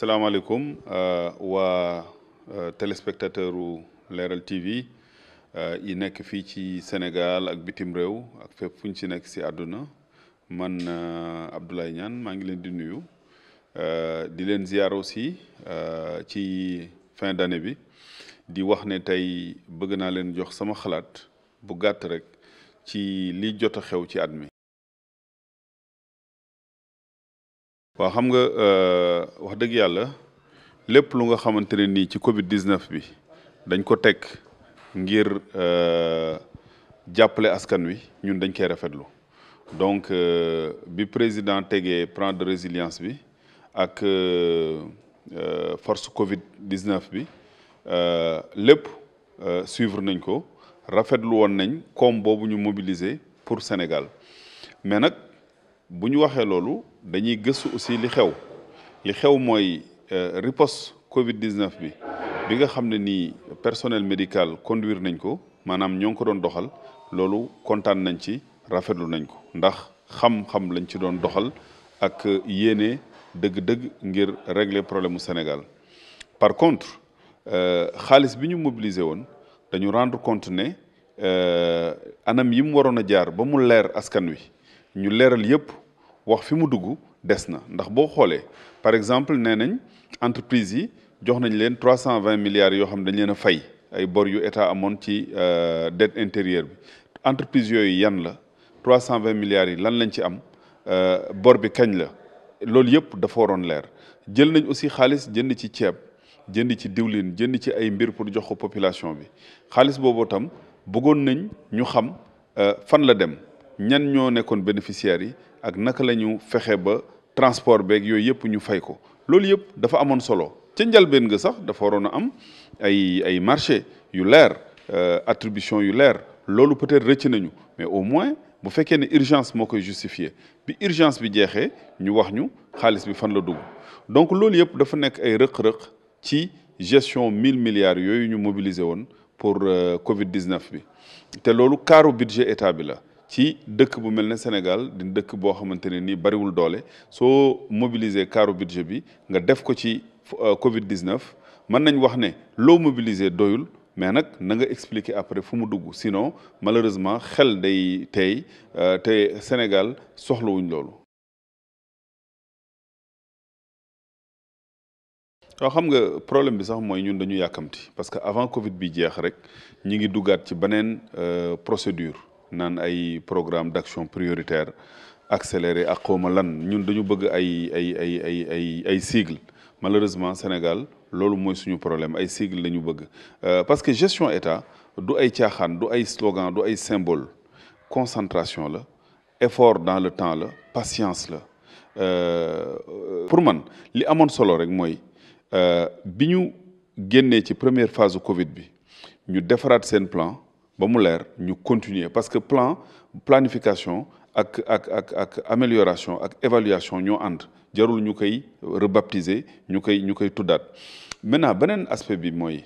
salaamaaleykum euh, waa euh, téléspectateur u Leral TV euh, yi nekk fii ci Sénégal ak bitim réew ak fépp fuñ ci nekk si àdduna man Abdoulaye ñaan maa ngi leen di nuyu di leen ziar aussi ci fin d'année bi di wax ne tey bëgg naa leen jox sama xalaat bu gàtt rek ci li jot a xew ci at mi. waaw xam nga euh, wax dëgg yàlla lépp lu nga xamante ne nii ci Covid 19 bi dañ ko teg ngir euh, jàppale askan wi ñun dañ koy rafetlu donc euh, bi président tegee plan de résilience bi ak force Covid 19 bi lépp suivre nañ ko rafetlu woon nañ koom boobu ñu mobiliser pour Sénégal mais nag. bu ñu waxee loolu dañuy gëstu aussi li xew li xew mooy euh, riposte Covid 19 bi bi nga xam ne nii personnel médical conduire nañ ko maanaam ñoo ngi ko doon doxal loolu kontaan nañ ci rafetlu nañ ko ndax xam-xam lañ ci doon doxal ak yéene dëgg-dëgg ngir régler problème mu Sénégal par contre euh, xaalis bi ñu mobiliser woon dañu rendre compte ne euh, anam yi mu waroon a jaar ba mu leer askan wi. ñu leeral yëpp wax fi mu dugg des na ndax boo xoolee par exemple nee nañ entreprise yi jox nañ leen trois cent vingt milliards yoo xam ne dañ leen a fay ay bor yu état amoon ci euh, dette intérieure bi entreprise yooyu yan la trois cent vingt milliards yi lan lañ ci am euh, bor bi kañ la loolu yëpp dafa waroon leer jël nañ aussi xaalis jënd ci ceeb jënd ci diwlin jënd ci ay mbir pour jox ko population bi xaalis boobu tam bëggoon nañ ñu xam euh, fan la dem ñan ñoo nekkoon bénéficiaires yi ak naka la ñu fexe ba transport beeg yooyu yëpp ñu fay ko loolu yëpp dafa amoon solo ca njalbeen ga sax dafa waroon a am ay ay marché yu leer euh, attribution yu leer loolu peut-être rëcc nañu mais au moins bu fekkee ne urgence moo koy justifier bi urgence bi jeexee ñu wax ñu xaalis bi fan la dugg donc loolu yëpp dafa nekk ay rëq-rëq ci gestion mille milliards yooyu ñu mobiliser woon pour euh, Covid 19 bi te loolu kaaru budget état bi la. ci dëkk bu mel ne Sénégal di dëkk boo xamante ne nii bariwul doole soo mobiliser kaaru budget bi nga def ko ci euh, Covid 19 mën nañ wax ne loo mobiliser doyul mais nag na nga expliquer après fu mu dugg sinon malheureusement xel day tey euh, te Sénégal soxlawuñ loolu. waaw xam nga problème bi sax mooy ñun dañu yàkkamti parce que avant Covid bi jeex rek ñi ngi duggaat ci beneen euh, procédure. naan ay programme d'action prioritaire accéléré ak xawma lan ñun dañu bëgg ay ay ay ay ay ay sigle malheureusement Sénégal loolu mooy suñu problème ay sigle la ñu bëgg euh, parce que gestion état du ay caaxaan du ay slogan du ay symbole concentration la effort dans le temps la patience la euh, pour man li amoon solo rek mooy euh, bi ñu génnee ci première phase Covid bi ñu defaraat seen plan ba mu leer ñu continuer parce que plan planification ak ak ak ak amélioration ak évaluation ñoo ànd jarul ñu koy rebaptiser ñu koy ñu koy tuddaat maintenant beneen aspect bi mooy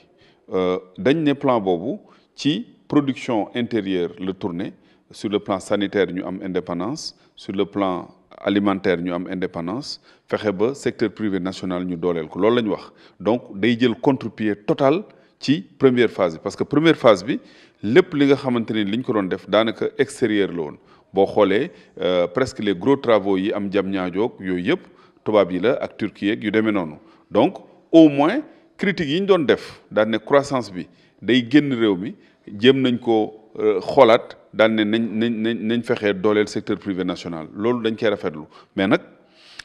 euh, dañ ne plan boobu ci production intérieure la tourner sur le plan sanitaire ñu am indépendance sur le plan alimentaire ñu am indépendance fexe ba secteur privé national ñu dooleel ko loolu la ñu wax donc day jël contre totale ci première phase bi parce que première phase bi lépp li nga xamante ni liñ ko doon def daanaka extérieur la woon boo xoolee euh, presque les gros travaux yi am jam ñaajoog yooyu yëpp tubaab yi la ak turquie yeeg yu demee noonu donc au moins critique yi ñu doon def daan ne croissance bi day génn réew mi jéem nañ ko euh, xoolaat daan ne nañ nañ nañ fexee dooleel secteur privé national loolu dañ koy rafetlu mais nag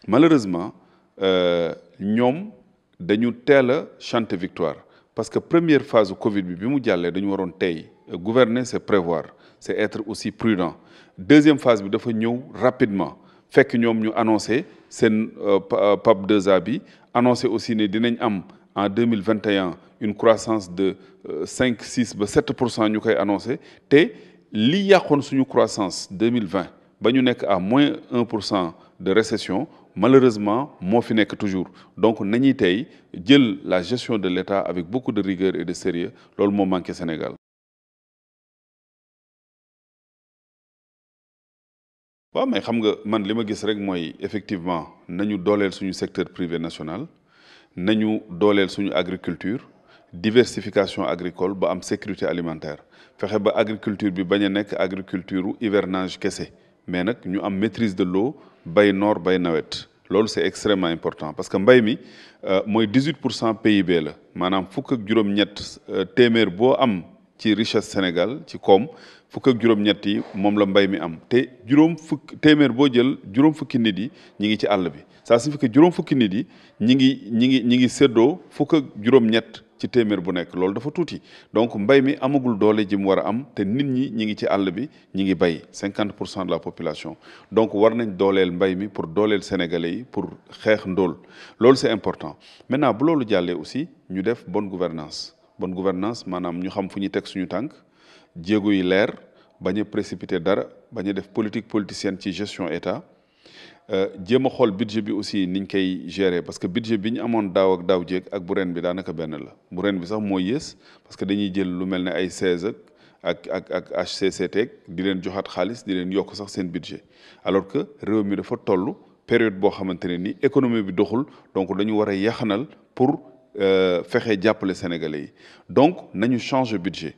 malheureusement euh, ñoom dañu teel a chanter victoire parce que première phase Covid bi bi mu jàllee dañu waroon tey gouverner c'est prévoir c'est être aussi prudent deuxième phase bi dafa ñëw rapidement fekk ñoom ñu annoncé seen euh, euh, PAP 2A bi annoncé aussi ne dinañ am en deux mille vingt et un une croissance de euh, cinq six ba sept pour cent ñu koy annoncé te li yàqoon suñu croissance deux mille vingt ba ñu nekk à moins un pour cent de récession malheureusement moo fi nekk toujours donc nañuy tey jël la gestion de l'État avec beaucoup de rigueur et de sérieux loolu moom manqué Sénégal waaw mais xam nga man li ma gis rek mooy effectivement nañu dooleel suñu secteur privé national nañu dooleel suñu agriculture diversification agricole ba am sécurité alimentaire fexe ba agriculture bi bañ a nekk agriculture hivernage kese mais nag ñu am maitrise de l'eau bay noor bay nawet loolu c'est extrêmement important parce que mbay mi euh, mooy 18 pour cent PIB la maanaam fukk ak juróom-ñett euh, téeméer boo am ci richesse Sénégal ci koom fukk ak juróom-ñett yi moom la mbay mi am te juróom fukk téeméer boo jël juróom fukki nit yi ñi ngi ci àll bi ça signifie juróom fukki nit yi ñi ngi ñi ngi ñi ngi séddoo fukk ak ñett ci téeméer bu nekk loolu dafa tuuti donc mbay mi amagul doole ji mu war a am te nit ñi ñi ngi ci àll bi ñi ngi bay cinquante pour cent de la population donc war nañ dooleel mbay mi pour dooleel sénégalais yi pour xeex ndool loolu c'est important maintenant bu loolu jàllee aussi ñu def bonne gouvernance bonne gouvernance maanaam ñu xam fu ñuy teg suñu tànk jéego yi leer bañ a précipité dara bañ a def politique politicienne ci gestion état euh, jéem a xool budget bi aussi niñ koy gérer parce que budget bi ñu amoon daaw ak daaw jéeg ak bu reen bi daanaka benn la bu reen bi sax moo yées parce que dañuy jël lu mel ne ay 16 ak ak ak ak HCCT di leen joxaat xaalis di leen yokk sax seen budget alors que réew mi dafa toll période boo xamante ne ni économie bi doxul Euh, fexe jàppale sénégalais yi donc nañu changer budget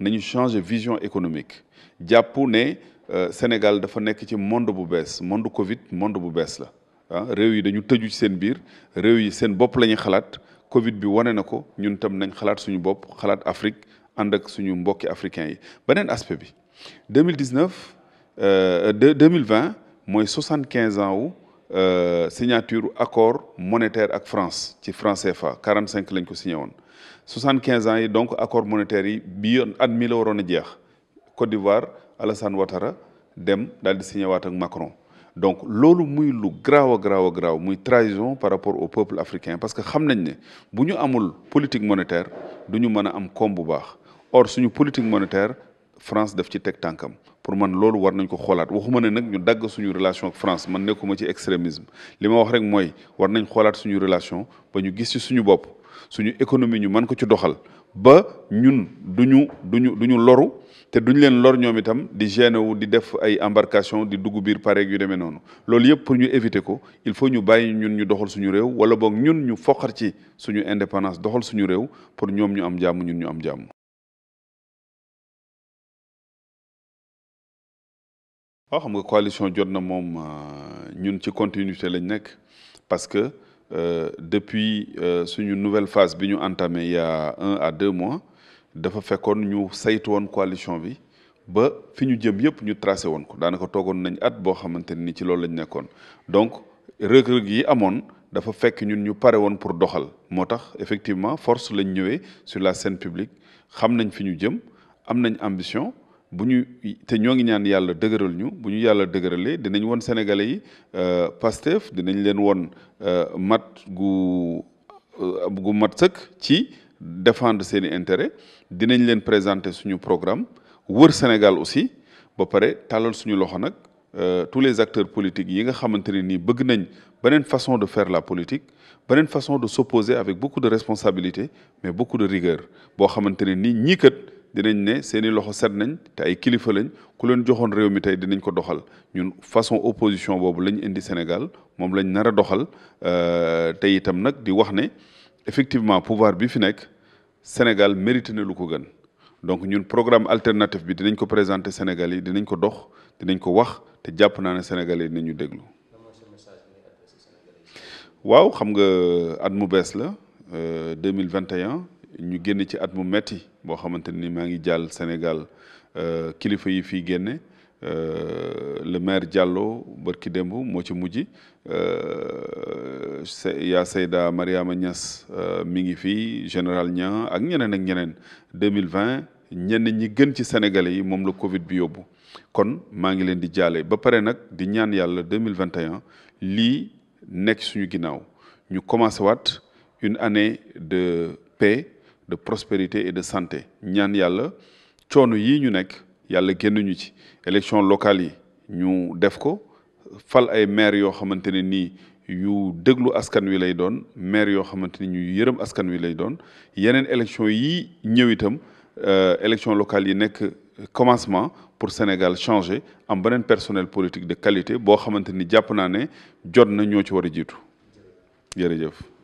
nañu changer vision économique jàpp ne euh, Sénégal dafa nekk ci monde bu bees monde Covid monde bu bees la ah réew yi dañu tëju ci seen biir réew yi seen bopp la ñuy xalaat Covid bi wane na ko ñun tam nañ xalaat suñu bopp xalaat Afrique ànd ak suñu mbokki africains yi beneen aspect bi 2019 deux 2020 euh, mooy 75 ans wu. Euh, signature accord monétaire ak France ci franc CFA 45 lañ ko signé woon 75 ans yi donc accord monétaire yi bi yoon at mi waroon a jeex Côte d'Ivoire Alassane Ouattara dem daal di signé Macron donc loolu muy lu graaw a graaw a graaw muy trahison par rapport au peuple africain parce que xam nañ ne bu ñu amul politique monétaire du ñu mën a am koom bu baax or suñu politique monétaire France def ci teg tànkam pour man loolu war nañ ko xoolaat waxuma ne nag ñu dagg suñu relation ak France man nekkuma ci extrémisme li ma wax rek mooy war nañ xoolaat suñu relation ba ñu gis ci suñu bopp suñu économie ñu mën ko ci doxal ba ñun duñu duñu duñu loru te duñ leen lor ñoom itam di gêné wu di def ay embarcation di dugg biir pareeg yu demee noonu loolu yëpp pour ñu éviter ko il faut ñu bàyyi ñun ñu doxal suñu réew wala boog ñun ñu foqar ci suñu indépendance doxal suñu réew pour ñoom ñu am jàmm ñun ñu am jàmm xam nga coalition jot na moom euh, ñun ci continuité lañ nekk parce que euh, depuis euh, suñu nouvelle phase bi ñu entamé il un à deux mois dafa fekkoon ñu saytu woon coalition bi ba fi ñu jëm yëpp ñu tracé woon ko daanaka toogoon nañ at boo xamante ni ci loolu lañ nekkoon donc rëg-rëg yi amoon dafa fekk ñun ñu pare woon pour doxal moo tax effectivement force lañ ñëwee sur la scène publique xam nañ fi ñu jëm am nañ ambition bu ñu te ñoo ngi ñaan yàlla dëgëral ñu bu ñu yàlla dëgëralee dinañ won sénégalais yi euh, Pastef dinañ leen won euh, mat gu euh, gu mat sëkk ci défendre seeni intérêt dinañ leen présenter suñu programme wër Sénégal aussi ba pare tàllal suñu loxo nag tous les acteurs politiques yi nga xamante ne nii bëgg nañ beneen façon de fair la politique beneen façon de s'opposer avec beaucoup de responsabilité mais beaucoup de rigueur boo xamante ne nii ñii kat dinañ ne seeni loxo set nañ te ay kilifa lañ ku leen joxoon réew mi tey dinañ ko doxal ñun façon opposition boobu lañ indi Sénégal moom lañ nar a doxal euh, te itam nag di wax ne effectivement pouvoir bi fi nekk Sénégal mérite na lu ko gën donc ñun programme alternatif bi dinañ ko présenter Sénégal yi dinañ ko dox dinañ ko wax te jàpp naa ne Sénégal yi dinañu déglu. waaw xam nga at mu bees la 2021. Euh, ñu génn ci at mu metti boo xamante ni maa ngi jàll Sénégal euh, kilifa yi fii génne euh, le maire Diallo ki démb moo ci mujj euh, yaa Seyda Mariama Niass mi ngi fii général Niang ak ñeneen ak ñeneen 2020 ñenn ñi gën ci Sénégalais yi moom la Covid bi yóbbu kon maa ngi leen di jaale ba pare nag di ñaan yàlla 2021 lii nekk suñu ginnaaw ñu commencé waat une année de paix de prospérité et de santé ñaan yàlla coono yii ñu nekk yàlla génn ñu ci élection locale yi ñu def ko fal ay maire yoo xamante ne nii yu déglu askan wi lay doon maire yoo xamante ni ñu yërëm askan wi lay doon yeneen élection yi ñëw itam euh, élection locale yi nekk commencement pour Sénégal changer am beneen personnel politique de qualité boo xamante ni jàpp naa ne jot na ñoo ci war a jiitu jërëjëf